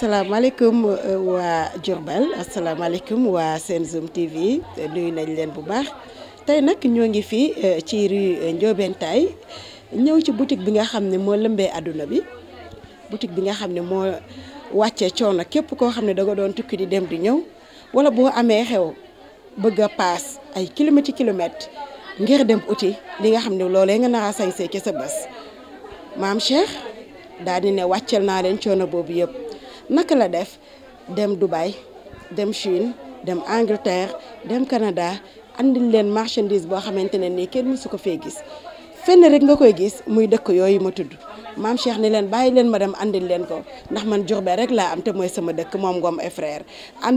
asalaamaaleykum euh, waa Diourbel asalaamaaleykum waa Sen Zoom TV nuyu nañ leen bu baax tey nag ñoo ngi fii euh, ci rue euh, Ndiobentaye ñëw ci boutique bi nga xam ne moo lëmbee àdduna bi boutique bi nga xam ne moo wàccee coono képp koo xam ne da doon tukki di dem di ñëw wala boo amee xew bëgg a paas ay kilomètres kilomètres ngir dem uti li nga xam ne loole nga nar a sañsee ci sa bés maam Cheikh daal di ne wàcceel naa leen coono boobu yëpp. naka la def dem Dubai dem Chine dem Angleterre dem Canada andil leen marchandise boo xamante ne nii kenn mësu ko fee gis fenn rek nga koy gis muy dëkk yooyu ma tudd maam Cheikh ni leen bàyyi leen ma dem andil leen ko ndax man Diourbel rek laa am te mooy sama dëkk moom ngoom et frère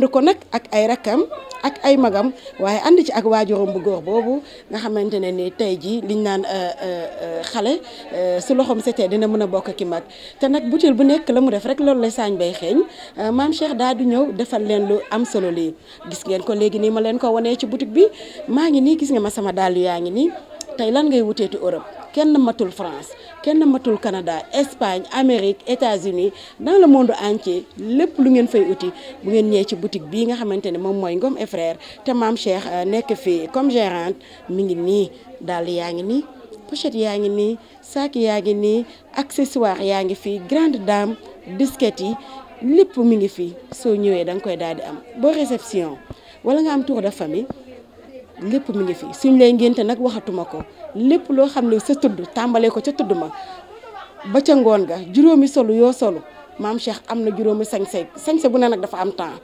ko nag ak ay rakkam ak ay magam waaye ànd ci ak waajuram bu góor boobu nga xamante ne nii tey jii liñ naan euh, euh, euh, xale su loxom setee dina mën a bokk ki mag te nag butéel bu nekk la mu def rek loolu lay saañ bay xeeñ maam Cheikh daa ñëw defal leen lu am solo lii gis ngeen ko léegi nii ma leen ko wanee ci boutique bi maa ngi nii gis nga ma sama dàll yaa ngi nii tey lan ngay wuteeti Europe kenn matul France kenn matul Canada Espagne Amérique États-Unis dans le monde entier lépp lu ngeen fay uti bu ngeen ñëwee ci boutique bii nga xamante ne moom mooy Ngom et Frères te maam Cheikh euh, nekk fii comme gérante mi ngi nii daal yaa ngi nii pochette yaa ngi nii sac yaa ngi nii accessoire yaa ngi fii grande dame disquette yi lépp mu ngi fi soo ñëwee da nga koy daal di am boo réception wala nga am tour de famille lépp mu ngi fi suñ lay ngénte nag waxatuma ko lépp loo xam ne sa tudd tàmbalee ko ca tudd ma ba ca ngoon ga juróomi solu yoo solu maam Cheikh am na juróomi sañse sañse bu na nag dafa am temps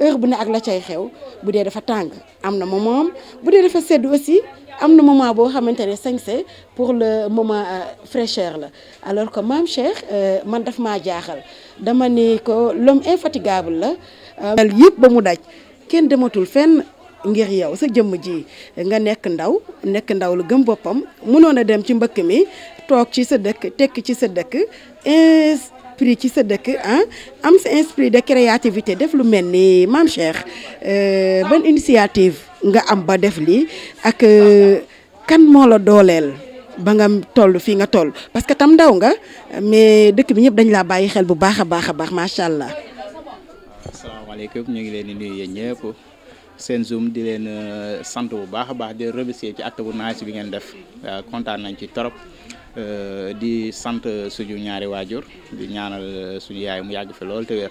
heure bu ne ak la cay xew bu dee dafa tàng am na moment bu dee dafa sedd aussi am na moment boo xamante ne sañse pour le moma euh, fraîcheur la alors que maam Cheikh euh, man daf maa jaaxal dama ne ko l'homme infatigable la. Euh, yëpp ba mu daj kenn dematul fenn. ngir yow sa jëmm ji nga nekk ndaw nekk ndaw lu gëm boppam mënoon a dem ci mbëkk mi toog ci sa dëkk tekk ci sa dëkk inspiré ci sa dëkk ah am sa esprit de créativité def lu mel ni maam Cheikh euh, bon initiative nga am ba def lii ak euh, kan moo la dooleel ba nga toll fii nga toll parce que tam ndaw nga mais dëkk bi ñëpp dañ laa bàyyi xel bu baax a baax a baax macha allah. asalaamaaleykum ñu ngi leen di seen zoom di leen euh, sant bu baax a baax di remercier ci acte bu naaj bi ngeen def waaw kontaan nañ ci torop euh, di sant suñu ñaari waajur di ñaanal suñu yaay mu yàgg fi lool te wér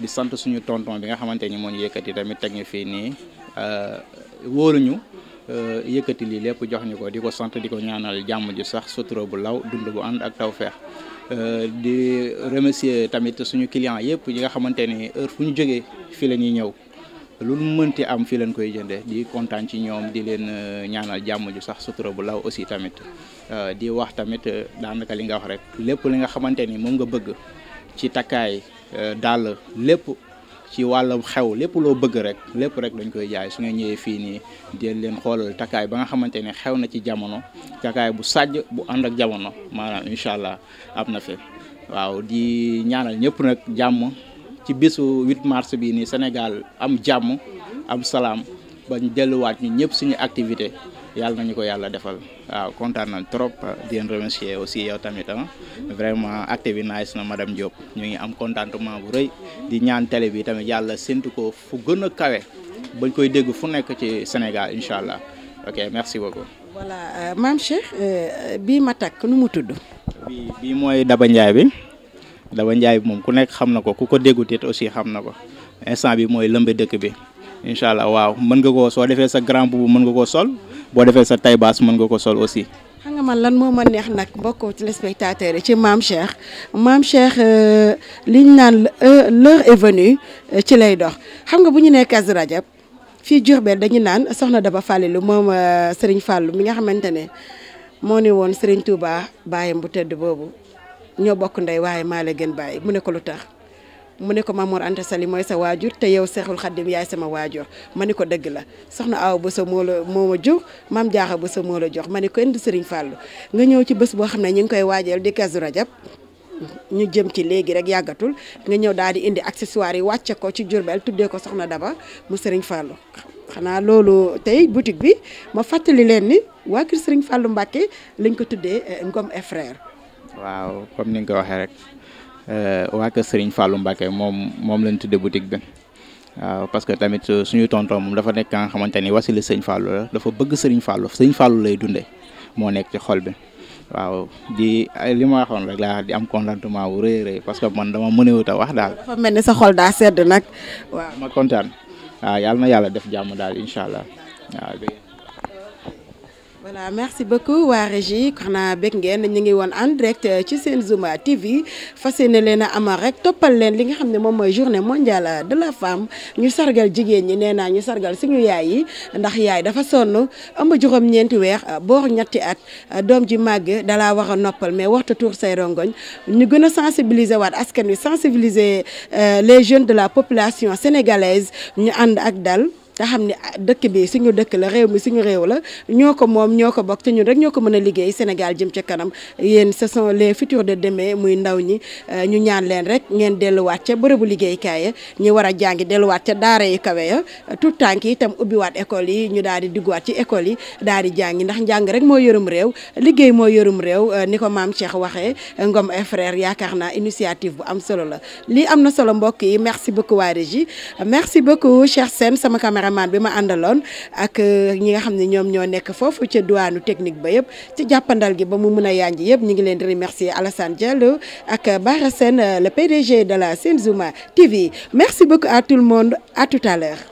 di sant suñu tonton bi nga xamante ni moo ñu yëkkati tamit teg ñu fii nii euh, wóoluñu yëkkati lii lépp jox ñu ko di ko sant di ko ñaanal jàmm ju sax sutura bu law dund bu ànd ak tawfeex di remercier tamit suñu client yëpp yi nga xamante ni heure fu ñu jógee fii la ñuy ñëw. lu mënti am fi leen koy jëndee di kontaan ci ñoom di leen euh, ñaanal jàmm ju sax sutura bu law aussi tamit euh, di wax tamit euh, daanaka li nga wax rek lépp li nga xamante ni moom nga bëgg ci takkaay daal lépp ci wàll xew lépp loo bëgg rek lépp rek dañ koy jaay su nga ñëwee fii nii di leen xoolal takkaay ba nga xamante ni xew na ci jamono takkaay bu sàjj bu ànd ak jamono maanaam incha allah am na fi waaw di ñaanal ñëpp nag jàmm. ci bisu 8 mars bii nii Sénégal am jàmm am salaam bañ delluwaat ñu ñëpp suñu activité yàlla nañu ko yàlla defal waaw kontaan nañ trop di leen remercier aussi yow tamit ah vraiment acte bi nice na madame Diop ñu ngi am contentement bu rëy di ñaan télé bi tamit yàlla séntu ko fu gën a kawe bañ koy dégg fu nekk ci Sénégal incha allah ok merci beaucoup. voilà euh, maam euh, bii ma takk nu mu tudd. bii mooy Daba Ndiaye bi. Daba Ndiaye moom ku nekk xam na ko ku ko déggut aussi xam na ko instant bi mooy lëmbe dëkk bi incha allah waaw mën nga koo soo defee sa grand boubou mën nga koo sol boo defee sa taille mën nga koo sol aussi. xam nga man lan moo ma neex nag mbokku téléspectateur yi ci maam maam Cheikh euh, liñ naan euh, l'heure est euh, ci lay dox xam nga bu ñu nee Kazu Rajab fii Diourbel dañu naan soxna Daba Fallilu moom Serigne fàll mi nga xamante ne moo ni woon Serigne Touba bàyyam bu tëdd boobu. ñoo bokk ndey waaye maa la gën bàyyi mu ne ko lu tax mu ne ko Mamour Anta Sali mooy sa waajur te yow Seexul Xaddim yaay sama waajur ma ne ko dëgg la soxna aw Bousso moo la moo ma jox maam Diakha Bousso moo la jox ma ne ko indi Serigne Fallou nga ñëw ci bés boo xam ne ñu ngi koy waajal di Kazu Rajab ñu jëm ci léegi rek yàggatul nga ñëw daal di indi accessoire yi wàcce ko ci Jurbel tuddee ko soxna Daba mu Serigne Fallou xanaa loolu tey boutique bi ma fàttali leen ni waa kër Serigne Fallou Mbacké lañ ko tuddee eh, Ngom et waaw comme ni nga ko waxee rek euh, waa kër Serigne Fallou Mbacké moom moom lañ tudde boutique bi waaw parce que tamit suñu tonton moom dafa nekk nga xamante ni wasila Serigne Fallou la dafa bëgg Serigne Fallou Serigne Fallou lay dundee moo nekk ci xol bi waaw di li ma waxoon laa di am contentement wu rëy rëy parce que man dama mënewut a wax daal. dafa mel ni xol daal sedd nag waaw. ma kontaan yàlla na yàlla def jàmm daal incha allah voilà merci beaucoup waa régie xanaa bég ngeen ñu ngi woon en direct euh, ci seen Zoom TV fas yéene leen a amal rek toppal leen li nga xam ne moom mooy journée mondiale de la femme ñu sargal jigéen ñi nee naa ñu sargal suñu yaay yi ndax yaay dafa sonn ëmb juróom-ñeenti weer euh, boor ñetti at euh, doom ji màgg dalaa war a noppal mais waxtu tuur say rongoñ ñu gën a sensibiliser waat askan wi sensibiliser les jeunes de la population sénégalaise ñu ànd ak dal te xam ne ah, dëkk bi suñu dëkk la réew mi suñu réew la ñoo ko moom ñoo ko bokk te ñun rek ñoo ko mën a liggéey Sénégal jëm ca kanam yéen sa son les futurs de deme muy ndaw ñi euh, ñu ñaan leen rek ngeen delluwaat ca bërëbu liggéeykaay ya ñu war a jàngi delluwaat ca daare yi kawe ya tout tànk yi itam ubbiwaat école yi ñu daal di duggaat ci école yi daal di jàngi ndax njàng rek moo yorum réew liggéey moo yorum réew euh, ni ko maam Cheikh waxee Ngom et frère yaakaar naa initiative bu am solo la lii am na solo mbokk yi merci beaucoup waa régie merci caméraman bi ma àndaloon ak euh, ñi nga xam ne ñoom ñoo nekk foofu ca duwaanu technique ba yëpp ci jàppandal gi ba mu mun a yànji yëpp ñu ngi leen di remercier Alassane Diallo ak Bara Sène euh, le PDG de la Senzuma TV merci beaucoup à tout le monde à tout à l'heure